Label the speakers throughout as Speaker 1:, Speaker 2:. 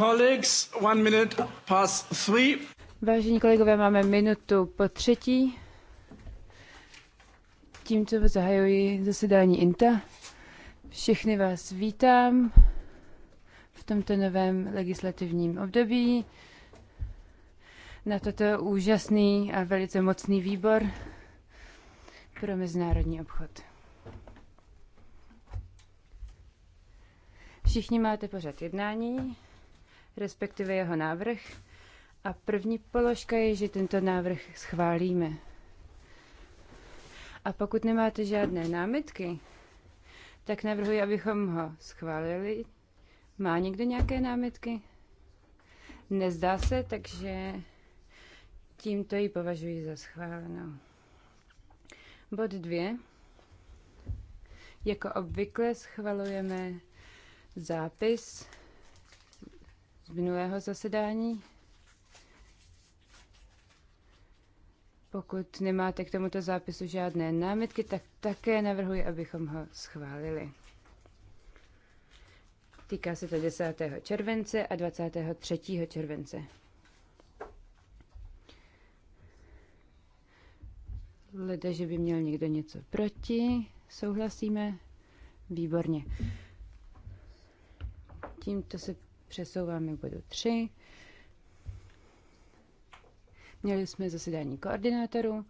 Speaker 1: Colleagues, one minute past three. Vážení kolegové, máme minutu po třetí. Tímto zahajuji zasedání INTA. Všechny vás vítám v tomto novém legislativním období na toto úžasný a velice mocný výbor pro mezinárodní obchod. Všichni máte pořad jednání respektive jeho návrh. A první položka je, že tento návrh schválíme. A pokud nemáte žádné námitky, tak navrhuji, abychom ho schválili. Má někdo nějaké námitky? Nezdá se, takže tímto ji považuji za schválenou. Bod dvě. Jako obvykle schvalujeme zápis minulého zasedání. Pokud nemáte k tomuto zápisu žádné námitky, tak také navrhuji, abychom ho schválili. Týká se to 10. července a 23. července. Leda, že by měl někdo něco proti. Souhlasíme? Výborně. Tímto se přesouvám k bodu 3. Měli jsme zasedání koordinátorů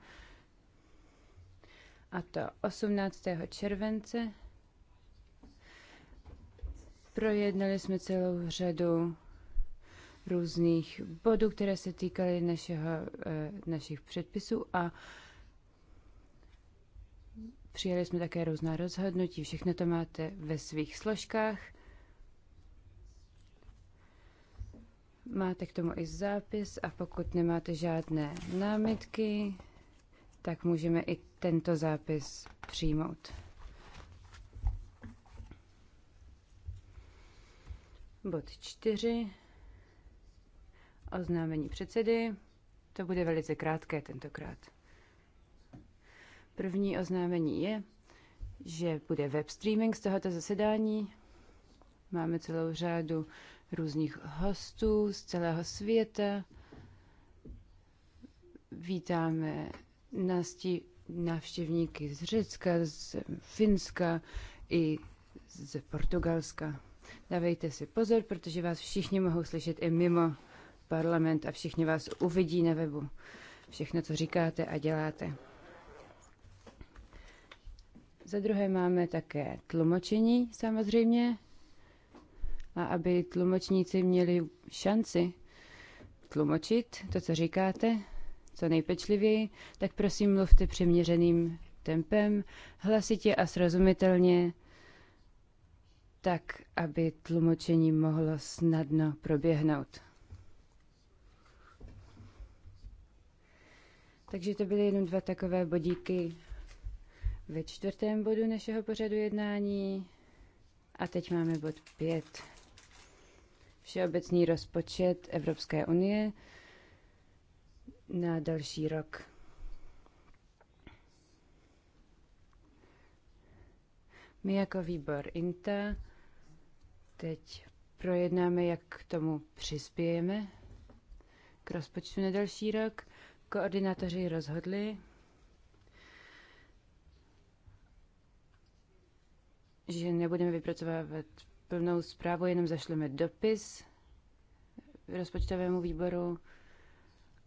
Speaker 1: a to 18. července. Projednali jsme celou řadu různých bodů, které se týkaly našeho, eh, našich předpisů a přijali jsme také různá rozhodnutí. Všechno to máte ve svých složkách. Máte k tomu i zápis a pokud nemáte žádné námitky, tak můžeme i tento zápis přijmout. Bod 4. Oznámení předsedy. To bude velice krátké tentokrát. První oznámení je, že bude web streaming z tohoto zasedání. Máme celou řádu různých hostů z celého světa. Vítáme nasti návštěvníky z Řecka, z Finska i z Portugalska. Dávejte si pozor, protože vás všichni mohou slyšet i mimo parlament a všichni vás uvidí na webu. Všechno, co říkáte a děláte. Za druhé máme také tlumočení samozřejmě a aby tlumočníci měli šanci tlumočit to, co říkáte, co nejpečlivěji, tak prosím mluvte přiměřeným tempem, hlasitě a srozumitelně, tak, aby tlumočení mohlo snadno proběhnout. Takže to byly jenom dva takové bodíky ve čtvrtém bodu našeho pořadu jednání. A teď máme bod pět. Všeobecný rozpočet Evropské unie na další rok. My jako výbor INTA teď projednáme, jak k tomu přispějeme k rozpočtu na další rok. Koordinátoři rozhodli, že nebudeme vypracovávat plnou zprávu, jenom zašleme dopis rozpočtovému výboru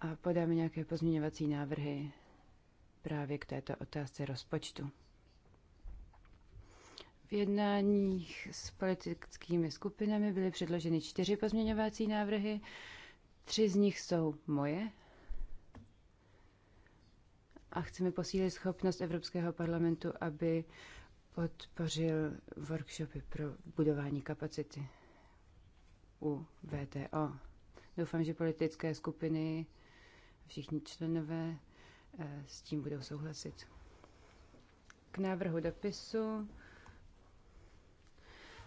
Speaker 1: a podáme nějaké pozměňovací návrhy právě k této otázce rozpočtu. V jednáních s politickými skupinami byly předloženy čtyři pozměňovací návrhy. Tři z nich jsou moje a chceme posílit schopnost Evropského parlamentu, aby podpořil workshopy pro budování kapacity u VTO. Doufám, že politické skupiny, všichni členové eh, s tím budou souhlasit. K návrhu dopisu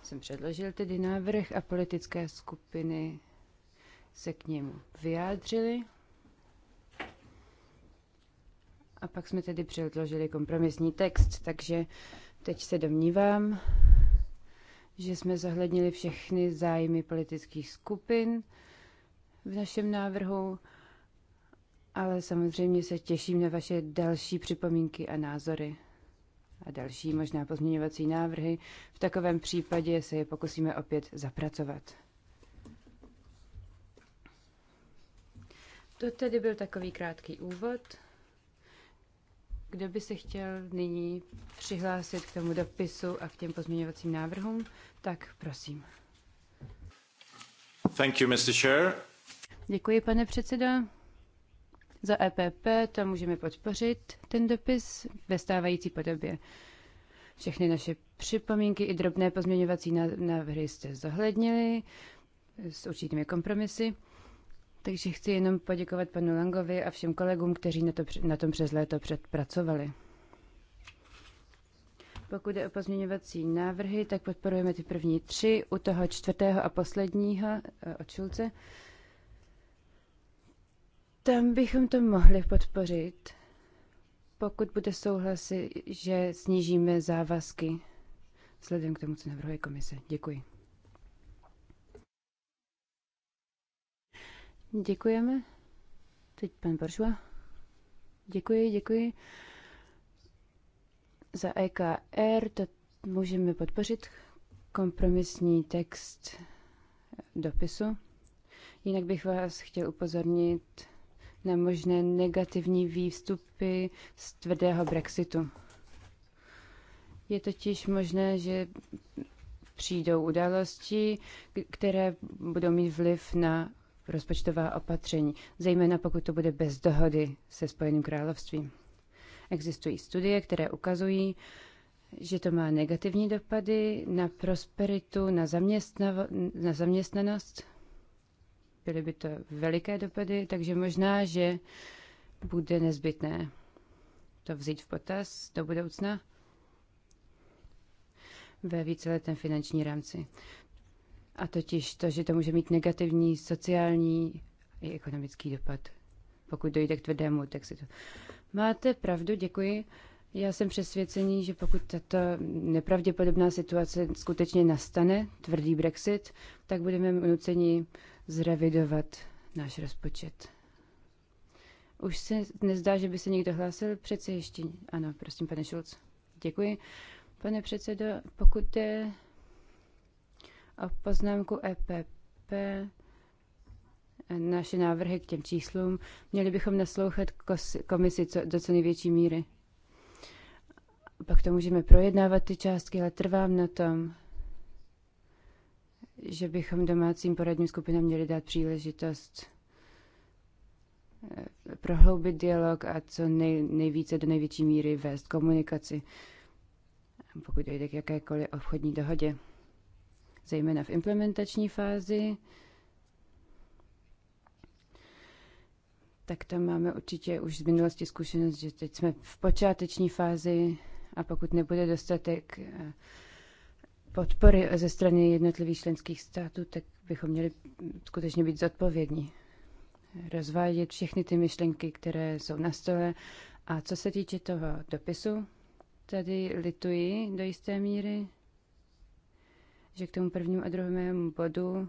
Speaker 1: jsem předložil tedy návrh a politické skupiny se k němu vyjádřily. A pak jsme tedy předložili kompromisní text, takže Teď se domnívám, že jsme zohlednili všechny zájmy politických skupin v našem návrhu, ale samozřejmě se těším na vaše další připomínky a názory a další možná pozměňovací návrhy. V takovém případě se je pokusíme opět zapracovat. To tedy byl takový krátký úvod. Kdo by se chtěl nyní přihlásit k tomu dopisu a k těm pozměňovacím návrhům, tak prosím. Thank you, Mr. Chair. Děkuji, pane předsedo. Za EPP to můžeme podpořit, ten dopis ve stávající podobě. Všechny naše připomínky i drobné pozměňovací návrhy jste zohlednili s určitými kompromisy. Takže chci jenom poděkovat panu Langovi a všem kolegům, kteří na, to, na tom přes léto předpracovali. Pokud je o pozměňovací návrhy, tak podporujeme ty první tři, u toho čtvrtého a posledního eh, od Šulce. Tam bychom to mohli podpořit, pokud bude souhlasit, že snížíme závazky vzhledem k tomu, co navrhuje komise. Děkuji. Děkujeme. Teď pan Boršua. Děkuji, děkuji. Za EKR to můžeme podpořit kompromisní text dopisu. Jinak bych vás chtěl upozornit na možné negativní výstupy z tvrdého Brexitu. Je totiž možné, že přijdou události, které budou mít vliv na rozpočtová opatření, zejména pokud to bude bez dohody se Spojeným královstvím. Existují studie, které ukazují, že to má negativní dopady na prosperitu, na, na zaměstnanost. Byly by to veliké dopady, takže možná, že bude nezbytné to vzít v potaz do budoucna ve víceletém finanční rámci a totiž to, že to může mít negativní sociální i ekonomický dopad. Pokud dojde k tvrdému to... Máte pravdu, děkuji. Já jsem přesvědčený, že pokud tato nepravděpodobná situace skutečně nastane, tvrdý Brexit, tak budeme nuceni zrevidovat náš rozpočet. Už se nezdá, že by se někdo hlásil, přece ještě. Ano, prosím, pane Šulc. Děkuji. Pane předsedo, pokud jde poznámku EPP, naše návrhy k těm číslům, měli bychom naslouchat komisi do co největší míry. Pak to můžeme projednávat ty částky, ale trvám na tom, že bychom domácím poradním skupinám měli dát příležitost eh, prohloubit dialog a co nej, nejvíce do největší míry vést komunikaci, pokud dojde k jakékoliv obchodní dohodě zejména v implementační fázi, tak tam máme určitě už z minulosti zkušenost, že teď jsme v počáteční fázi a pokud nebude dostatek eh, podpory ze strany jednotlivých členských států, tak bychom měli skutečně být zodpovědní. Rozvádět všechny ty myšlenky, které jsou na stole. A co se týče toho dopisu, tady lituji do jisté míry, že k tomu prvnímu a druhému bodu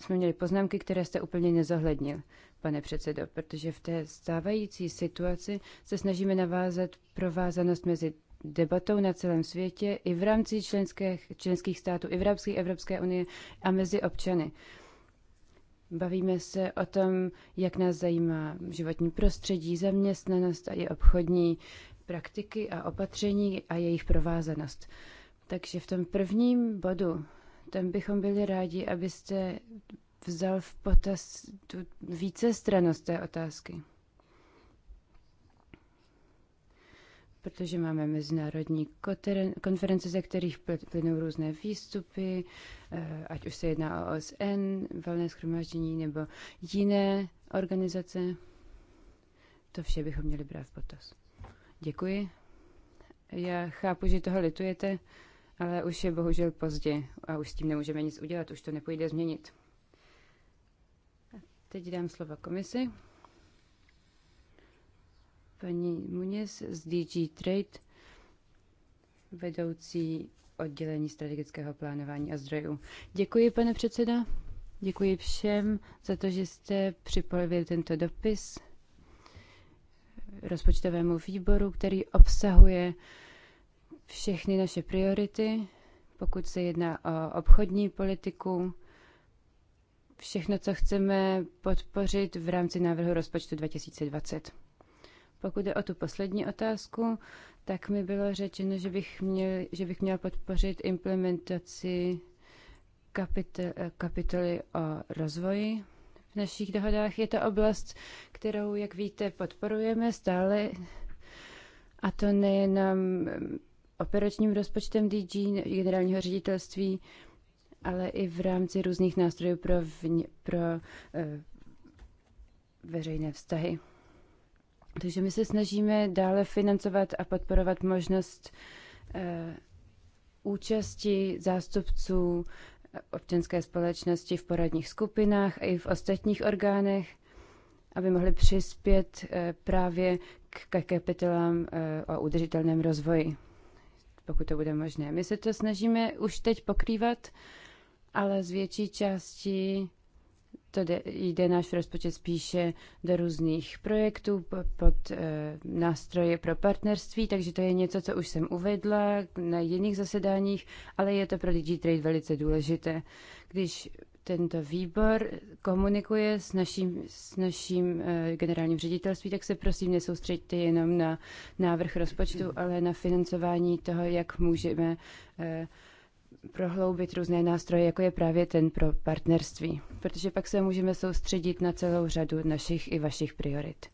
Speaker 1: jsme měli poznámky, které jste úplně nezohlednil, pane předsedo, protože v té stávající situaci se snažíme navázat provázanost mezi debatou na celém světě i v rámci členských, členských států, i v rámci Evropské unie a mezi občany. Bavíme se o tom, jak nás zajímá životní prostředí, zaměstnanost a i obchodní praktiky a opatření a jejich provázanost. Takže v tom prvním bodu, tam bychom byli rádi, abyste vzal v potaz tu stranost té otázky. protože máme mezinárodní konference, ze kterých plynou různé výstupy, eh, ať už se jedná o OSN, valné schromáždění nebo jiné organizace. To vše bychom měli brát v potaz. Děkuji. Já chápu, že toho litujete, ale už je bohužel pozdě a už s tím nemůžeme nic udělat, už to nepůjde změnit. A teď dám slova komisi. Paní Muněz z DG Trade, vedoucí oddělení strategického plánování a zdrojů. Děkuji, pane předseda. Děkuji všem za to, že jste připojili tento dopis rozpočtovému výboru, který obsahuje uh, všechny naše priority, pokud se jedná o obchodní politiku, všechno, co chceme podpořit v rámci návrhu rozpočtu 2020. Pokud je o tu poslední otázku, tak mi bylo řečeno, že bych, měl, že bych měla podpořit implementaci kapitoly o rozvoji v našich dohodách. Je to oblast, kterou, jak víte, podporujeme stále, a to nejenom operačním rozpočtem DG, generálního ředitelství, ale i v rámci různých nástrojů pro, vně, pro e, veřejné vztahy. Takže my se snažíme dále financovat a podporovat možnost e, účasti zástupců občanské společnosti v poradních skupinách a i v ostatních orgánech, aby mohli přispět eh, právě k kapitolám o udržitelném rozvoji pokud to bude možné. My se to snažíme už teď pokrývat, ale z větší části to jde, jde náš rozpočet spíše do různých projektů pod e, nástroje pro partnerství, takže to je něco, co už jsem uvedla na jiných zasedáních, ale je to pro DigiTrade velice důležité. Když tento výbor komunikuje s naším, s naším eh, generálním ředitelství, tak se prosím nesoustřeďte jenom na návrh rozpočtu, ale na financování toho, jak můžeme eh, prohloubit různé nástroje, jako je právě ten pro partnerství. Protože pak se můžeme soustředit na celou řadu našich i vašich priorit.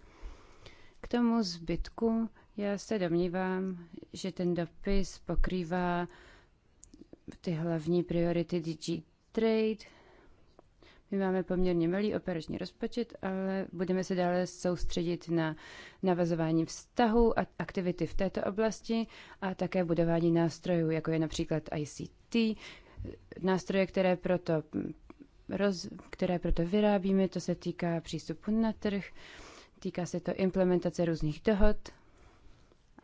Speaker 1: K tomu zbytku já se domnívám, že ten dopis pokrývá ty hlavní priority DG Trade, my máme poměrně malý operační rozpočet, ale budeme se dále soustředit na navazování vztahu a aktivity v této oblasti a také budování nástrojů, jako je například ICT, nástroje, které proto, roz, které proto vyrábíme, to se týká přístupu na trh, týká se to implementace různých dohod,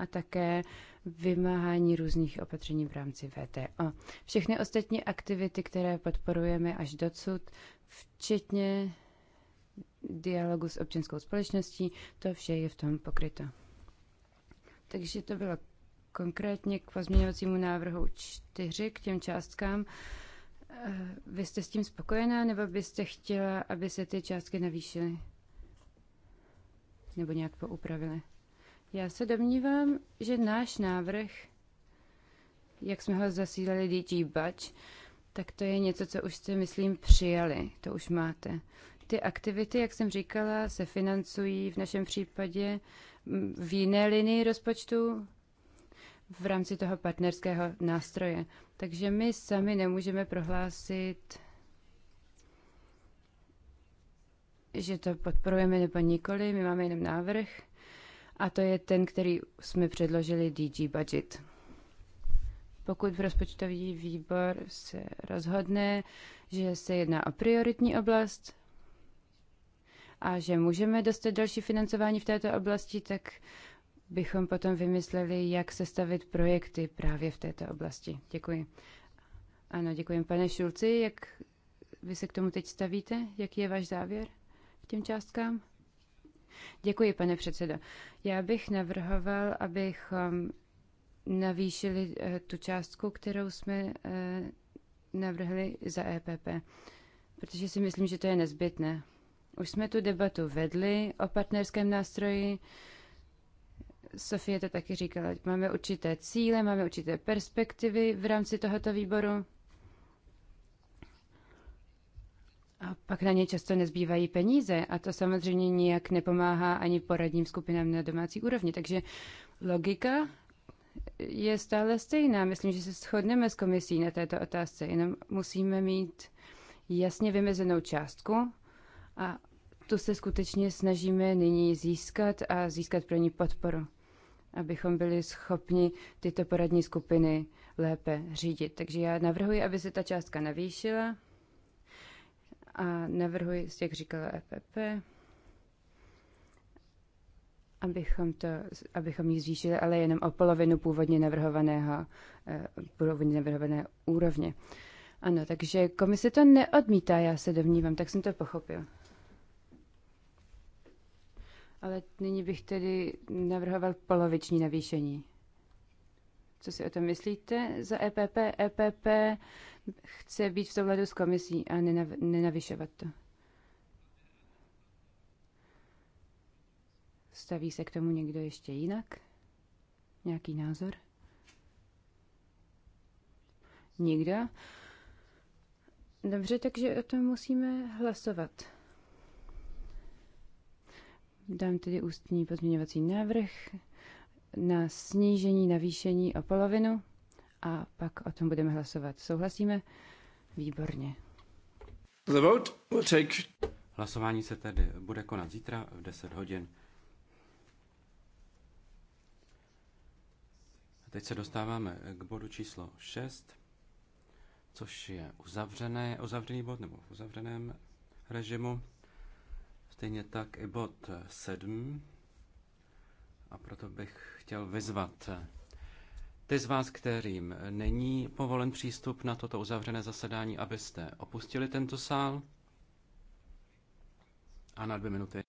Speaker 1: a také vymáhání různých opatření v rámci VTO. Všechny ostatní aktivity, které podporujeme až docud, včetně dialogu s občanskou společností, to vše je v tom pokryto. Takže to bylo konkrétně k pozměňovacímu návrhu 4, k těm částkám. Eh, vy jste s tím spokojená, nebo byste chtěla, aby se ty částky navýšily? Nebo nějak poupravily? Já se domnívám, že náš návrh, jak jsme ho zasílali DG Bač, tak to je něco, co už jste, myslím, přijali. To už máte. Ty aktivity, jak jsem říkala, se financují v našem případě mm, v jiné linii rozpočtu v rámci toho partnerského nástroje. Takže my sami nemůžeme prohlásit, že to podporujeme nebo nikoli, my máme jenom návrh a to je ten, který jsme předložili DG Budget. Pokud v rozpočtový výbor se rozhodne, že se jedná o prioritní oblast a že můžeme dostat další financování v této oblasti, tak bychom potom vymysleli, jak sestavit projekty právě v této oblasti. Děkuji. Ano, děkuji. Pane Šulci, jak vy se k tomu teď stavíte? Jaký je váš závěr k těm částkám? Děkuji, pane předsedo. Já bych navrhoval, abychom navýšili eh, tu částku, kterou jsme eh, navrhli za EPP, protože si myslím, že to je nezbytné. Už jsme tu debatu vedli o partnerském nástroji. Sofie to taky říkala. Máme určité cíle, máme určité perspektivy v rámci tohoto výboru. A pak na ně často nezbývají peníze a to samozřejmě nijak nepomáhá ani poradním skupinám na domácí úrovni. Takže logika je stále stejná. Myslím, že se shodneme s komisí na této otázce, jenom musíme mít jasně vymezenou částku a tu se skutečně snažíme nyní získat a získat pro ní podporu, abychom byli schopni tyto poradní skupiny lépe řídit. Takže já navrhuji, aby se ta částka navýšila a navrhuji, jak říkala EPP, abychom, to, abychom ji zvýšili, ale jenom o polovinu původně navrhovaného, eh, původně navrhované úrovně. Ano, takže komise to neodmítá, já se domnívám, tak jsem to pochopil. Ale nyní bych tedy navrhoval poloviční navýšení co si o tom myslíte za EPP. EPP chce být v souladu s komisí a nenav, nenavyšovat to. Staví se k tomu někdo ještě jinak? Nějaký názor? Nikdo? Dobře, takže o tom musíme hlasovat. Dám tedy ústní pozměňovací návrh na snížení navýšení o polovinu a pak o tom budeme hlasovat. Souhlasíme? Výborně. The vote will take... Hlasování se tedy bude konat zítra v 10 hodin. A teď se dostáváme k bodu číslo 6, což je uzavřené, uzavřený bod nebo v uzavřeném režimu. Stejně tak i bod 7, a proto bych chtěl vyzvat ty z vás, kterým není povolen přístup na toto uzavřené zasedání, abyste opustili tento sál. A na dvě minuty.